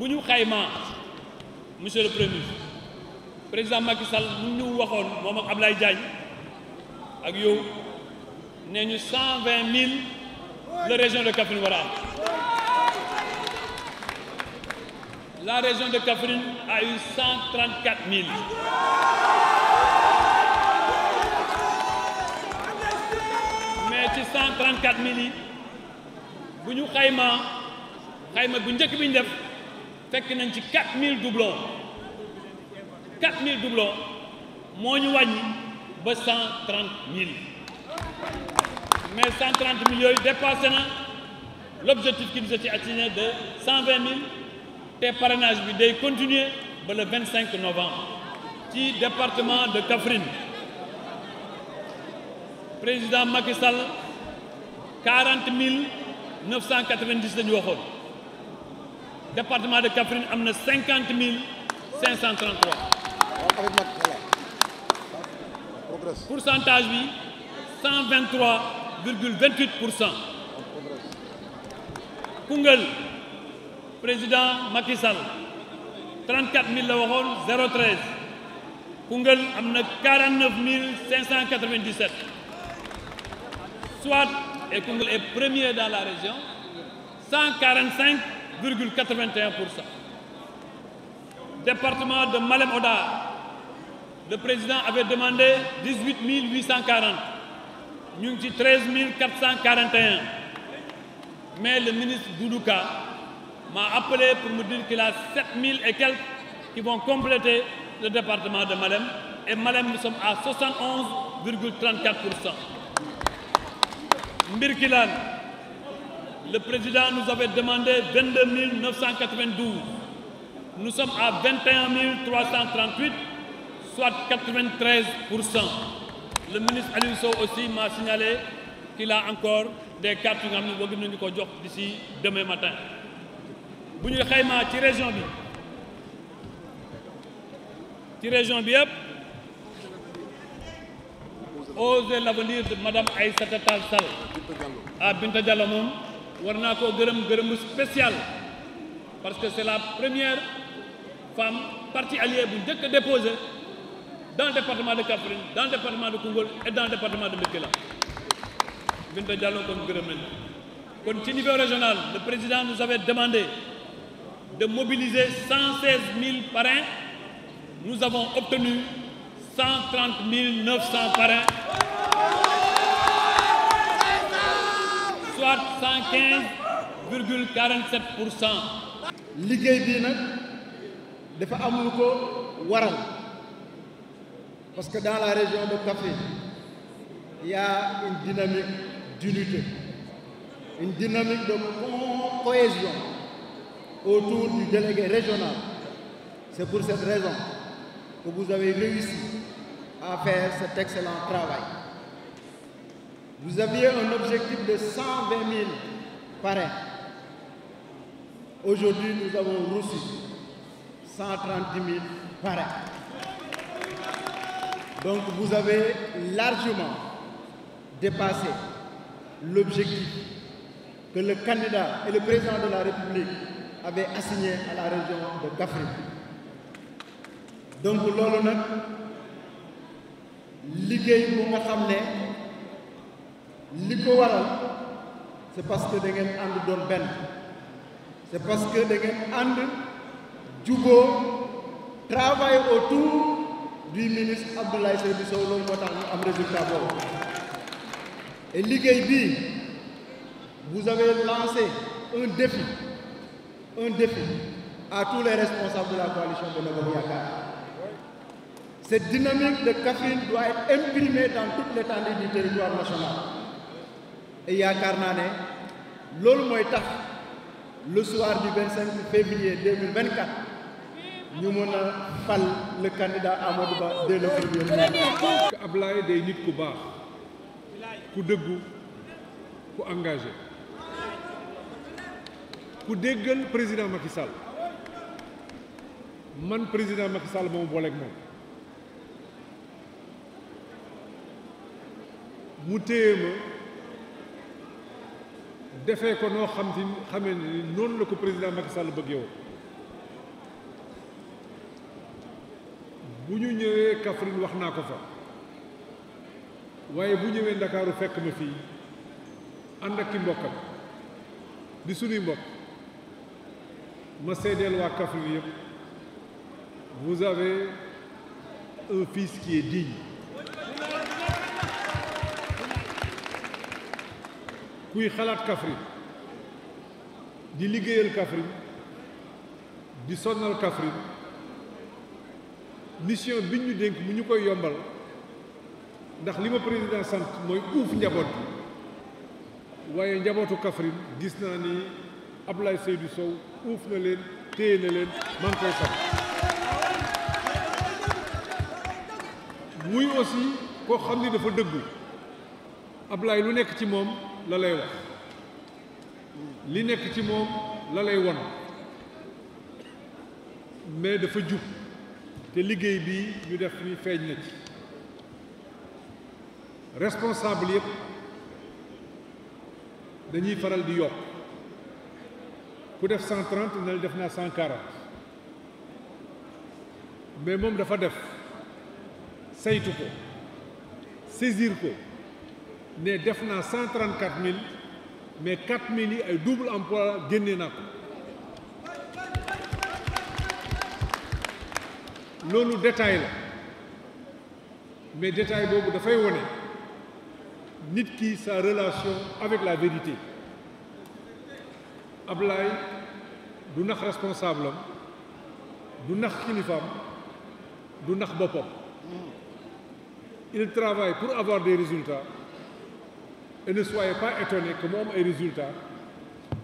bu ñu xaymaa monsieur le premier ministre président Macky Sall mu ñu waxoon moom ak Ablaye Diagne ak yow nee ñu mille la région de Kaffrine war la région de Kaffrine a eu cent 34 000 yi bu ñu xayma xayma bu njëkk bi ñu def fekk nañ ci 4 000 doublons 4 000 doublons moo ñu wàññi ba 130 000 mais 130 000 yooyu dépassé na l'objectif qui nous était assigné de 120 000 te parrainage bi day continuer ba le 25 novembre ci département de Kaffrine président Macky quarante mille neuf cent quatre-vingt-dix la ñu waxoon département de Kaffrine am na cinquante mille cinq cent trente-trois pourcentage bi cent vingt-trois virgule vingt-huit pour cent Koungheul président Macky Sall 34 000 la waxoon 013 am na 49 597 soit et Koungheul est premier dans la région 145,81 pour cent département de Malem Hodar le président avait demandé 18 840 ñu ngi ci 13 441 mais le ministre Doudou Ka m'a appelé pour me dire qu'il a 7 000 et quelques qui vont compléter département de Malem et Malem nous sommes à 71,34 pour cent mbir kilaan le président nous avait demandé 22 992. Nous sommes à 21 338, soit 93 Le ministre Aliou Sow aussi m'a signalé qu'il a encore des cartes yu nga xam ne bëgg nañu ko jox d'ici demain matin. bu ñuy xaymaa ci région bi ci région bi yëpp. oser l'avenir de madame Aïssata Tall Sall ah Binta Diallo moom war naa koo gërëm gërëmu spécial parce que c'est la première femme parti allié bu njëkk a déposé dans le département de Kaffrine dans le département de Koungheul et dans le département de Mbirkila Binta Diallo kon gërëm nañ ci niveau régional le président nous avait demandé de mobiliser 116 000 parrains nous avons obtenu 130 900 parrains, soit 115,47 pour cent. liggéey bii nag dafa am lu ko waral parce que dans la région de Kaffrine il y dynamique d'unité une dynamique de cohésion autour du délégué régional c'est pour cette raison que vous avez réussi à faire cet excellent travail. Vous aviez un objectif de 120 Aujourd'hui, nous avons reçu 130 Donc vous avez largement dépassé l'objectif que le candidat et le président de la République avaient assigné à la région de Kaffrine. Donc loolu liggéey bu nga xam ne li ko waral c'est parce que da ngeen ànd doon benn c'est parce que da ngeen ànd juboo travail autour du ministre Abdoulaye Seydou Sow loolu moo tax ñu am résultat boobu et liggéey bii vous avez lancé un défi un défi à tous les responsables la coalition Benno Bokk Yaakaar Cette dynamique de Kaffrine doit être imprimée dans toute l'étendue du territoire national yaakaar naa ne loolu mooy tax le soir du 25 février 2024 ñu mën a fal le candidat Amadou Ba dès le premier tour. Ablaye day nit ku baax ku dëggu ku engagé ku déggal président Macky man président Macky Sall moom booleeg moom. mu téye ma defee ko noo xam ci xamee ni noonu la ko président Macky Sall bëgg yow bu ñu ñëwee Kaffrine wax naa ko fa waaye bu ñëwee Ndakaaru fekk ma fii ànd ak ki mbokkam di sunuy mbokk ma seedeel waa Kaffrine yëpp vous avez un kuy xalaat Kaffrine di liggéeyal Kaffrine di sonnal Kaffrine mission bi ñu dénk mu ñu koy yombal ndax li ma président sant mooy uuf njaboot bi waaye njabootu kafrin gis naa ni Ablaye Seydou Sow uuf na leen téye na leen maa koy sant muy aussi koo xam ni dafa dëggu Ablaye lu nekk ci moom la wax li nekk ci moom la lay won mais dafa jub te liggéey bi ñu def ni feeñ na ci responsable yëpp dañuy faral di yokk ku def cent def naa cent mais moom dafa def saytu ko saisir ko ne def naa cent trente quatre mille mais quatre mille yi ay double emploi génnee naa ko loolu détail la mais détail boobu dafay wone nit ki sa relation avec la vérité Ablaye du nax responsable am du nax kilifaam du nax boppam il travaille pour avoir des résultats et ne soyez pas étonné que mu am ay résultats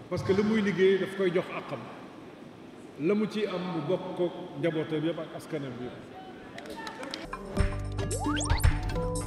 parce que la muy liggéey daf koy jox àqam la mu ci am mu bokk ko njabootam yëpp ak askanam yëpp